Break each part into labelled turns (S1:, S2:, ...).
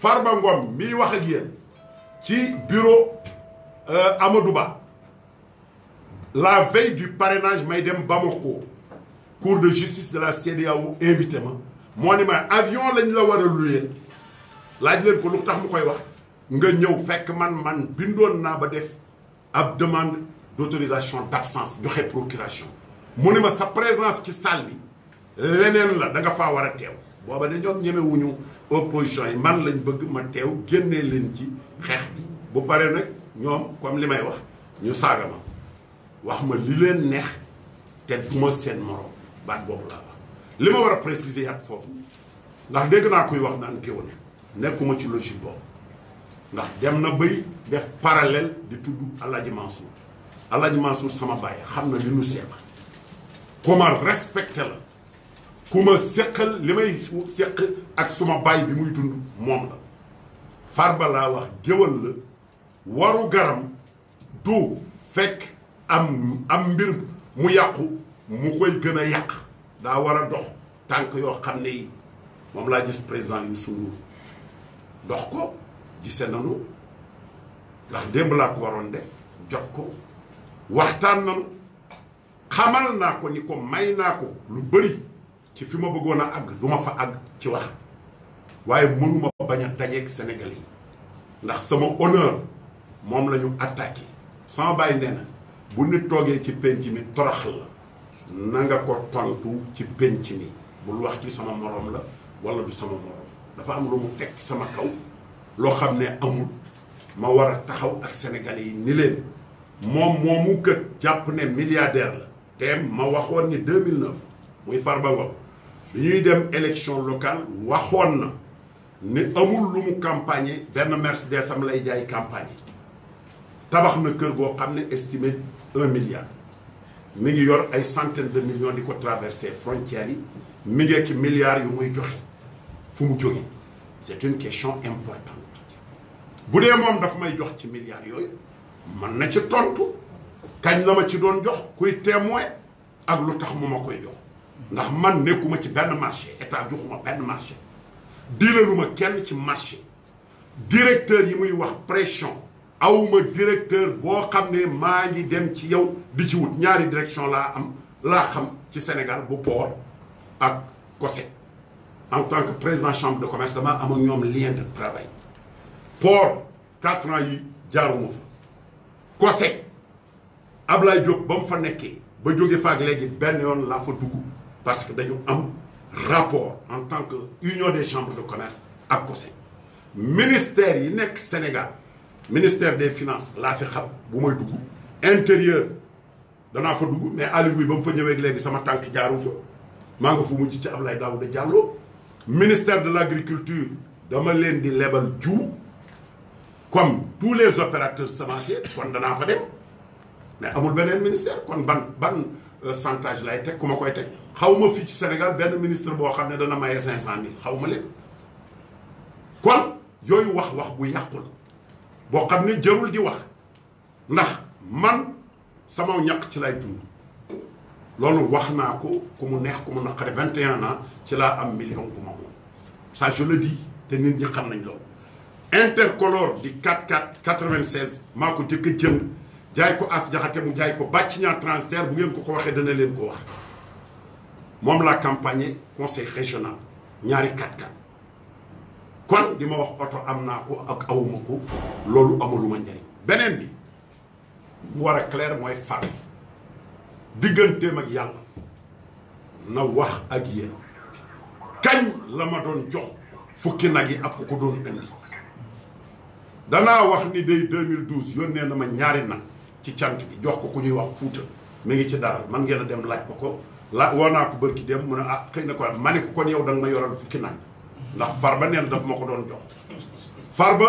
S1: Farba Ngom miy wax ak yéen ci bureau euh, Amadou Ba la veille du parrainage may dem ko cour de justice de la CEDEAO invité ma moo ni ma avion lañ la war a luyeel laaj leen ko lu tax mu koy wax nga ñëw fekk man man bindoon naa ba def ab demande d'autorisation d'absence joxe procuration mu ne ma sa présence ci salle bi leneen la da nga faa war a teew booba de ñoom ñemewuñu opposition yi man lañ bëgg ma teew génnee leen ci xeex bi bu paree nag ñoom comme li may wax ñu saaga ma wax ma li leen neex te du ma seen morom baat boobu laa wax li ma war a préciser yàgg foofu ndax dégg naa kuy wax naan géwël nekkuma ci logique boobu ndax dem na bay def parallèle di tudd Alaaji Mansour Alaaji Mansour sama baay xam na li nu seeba comment respecté la ku ma séqal li may séq ak suma baay bi muy dund moom la Farba laa wax géwal la waru garam du fekk am am mbir mu yàqu mu koy gën a yàq daa war a dox tànk yoo xam ne yi moom laa gis président Youssou Ndour dox ko gise nanu ndax démb laa ko waroon def jot ko waxtaan nanu xamal naa ko ni ko may naa ko lu bëri ci fi ma bëggoon a àgg du ma fa àgg ci wax waaye mënuma bañ a dajeeg Sénégal yi ndax sama honneur moom lañu ñu sama bàyyi nee na bu nit toogee ci penc mi torox la ko tontu ci penc mi bul wax ci sama morom la wala du sama morom dafa am lu mu teg sama kaw loo xam ne amul ma war a taxaw ak Sénégalais yi ni leen moom moomu kët jàpp ne milliardaire la te ma waxoon ni 2009 muy Farba Ngom bi ñuy dem élection locale waxoon na ni amul lu mu campagne benn Mercedes am lay jaay campagne tabax na kër goo xam ne estimé un milliard mi ngi yor ay centaine de di ko traversé frontières yi mi ngi ci milliards yu muy joxe fu mu jóge c'est une question importante bu dee moom dafa may jox ci milliards yooyu mën na ci tontu kañ la ma ci doon jox kuy témoin ak lu tax mu ma koy jox ndax man nekkuma ci benn marché état joxuma benn marché dilaluma kenn ci marché directeur yi muy wax pression awma directeur boo xam ne maa ngi dem ci yow di ci wut ñaari direction laa am laa xam ci Sénégal bu port ak COSEC en tant que président chambre de commerce damaa am ñoom lien de travail port quatre ans yi jaaruma fa ab Ablaye Diop ba mu fa nekkee ba jóge faak léegi benn yoon laa fa dugg parce que dañu am rapport en tant que union des chambres de commerce ak COSEC ministère yi nekk Sénégal ministère des finances laa fi xam bu may dugg intérieur danaa fa dugg mais Aliou Ngouye ba mu fa ñëwee léegi sama tànk jaaru fa maa nga fu mujj ci Abdoulaye Daouda Diallo ministère de l'agriculture dama leen di lebal jiw comme tous les opérateurs semenciers kon danaa fa dem mais amul beneen ministère kon ban ban euh, chantage lay teg kuma koy teg xawma ma fii ci Sénégal benn ministre boo xam ne dana maye cinq cent mille xaw ma leen kon yooyu wax wax bu yàqul boo xam ne jarul di wax ndax man sama ñaq ci lay dund loolu wax naa ko ku mu neex ku mu naqare 21 ans ci laa am million bu ma moom ça je le dis te nit ñi xam nañ loolu intercolore di 44 96 maa ko jëkk a jënd jaay ko as jaxate mu jaay ko bàcc ñaar transitaire bu ngeen ko ko waxee dana leen ko wax moom laa campagne conseil régional ñaari kat kon di ma wax oto am naa ko ak awuma ko loolu amaluma njariñ beneen bi mu war a clair mooy far digganteem ak yàlla na wax ak yéen kañ la ma doon jox fukki nag yi ak ku ko doon indi danaa wax ni day 2012 yónnee na ma ñaari nag ci cant bi jox ko ku ñuy wax fuuta mi ngi ci dara man ngeen a dem laaj ma ko la woo naa ko bërki dem mu ne ah xëy na ko man ne ko kon yow da nga ma yoral fukki nag ndax ba neen daf ma ko doon jox ba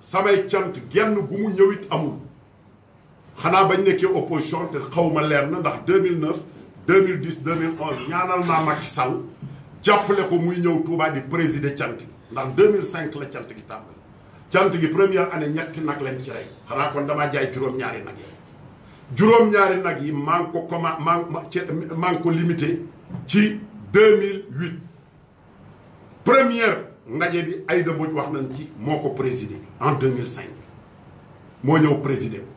S1: samay cant genn gu mu ñëwit amul xanaa bañ nekkee opposition te xaw ma leer na ndax 2009 2010 2011 ñaanal naa Macky Sall jàppale ko muy ñëw Touba di présider cant gi ndax 2005 la cant gi tàmbali cant gi première année ñetti nag lañ ci rey xanaa kon damaa jaay juróom-ñaari nag yi juróom-ñaari nag yi maa ngi ko comment maa ngi ko limité ci 2008 première ndaje bi Aïda Mbodj wax nañ ci moo ko présidé en 2005 moo ñëw présidé ko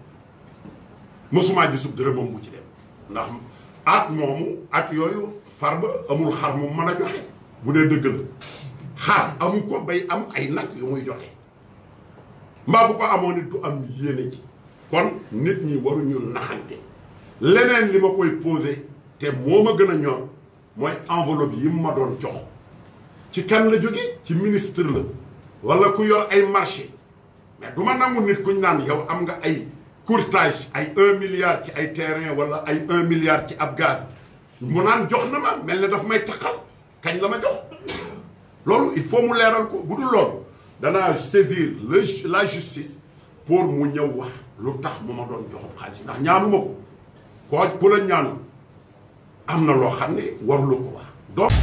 S1: mosuma gisub dërëmam bu ci dem ndax at moomu at yooyu farba amul xar mu mën a joxe bu dee dëgg la xaar amu ko bay am ay nag yu muy joxe mbaa bu ko amoon it du am yéene ci kon nit ñi waruñu naxante leven li ma koy posé te moo ma gën a ñor mooy enveloppe yi mu ma doon jox ci kan la jóge ci ministre la wala ku yor ay marché mais du ma nangu nit kuñ naan yow am nga ay courtage ay un milliard ci ay terrain wala ay un milliard ci ab gaz mu naan jox na ma mel ne daf may taxal kañ la ma jox loolu il faut mu leeral ko bu dul loolu danaa saisir la justice pour mu ñëw wax lu tax mu ma doon joxob xaalis ndax ñaanuma ko koo ku la ñaanu am na loo xam ne waruloo ko wax donc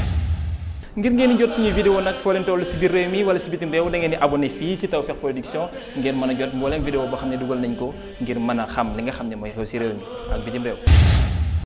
S1: ngir ngeen di jot suñuy vidéo nag foo leen toll si biir réew mi wala si bitim réew da ngeen di abonné fii si taw Tawfekh Production ngeen mën a jot mbooleem vidéo boo xam ne dugal nañ ko ngir mën a xam li nga xam ne mooy xew si réew mi ak bitim réew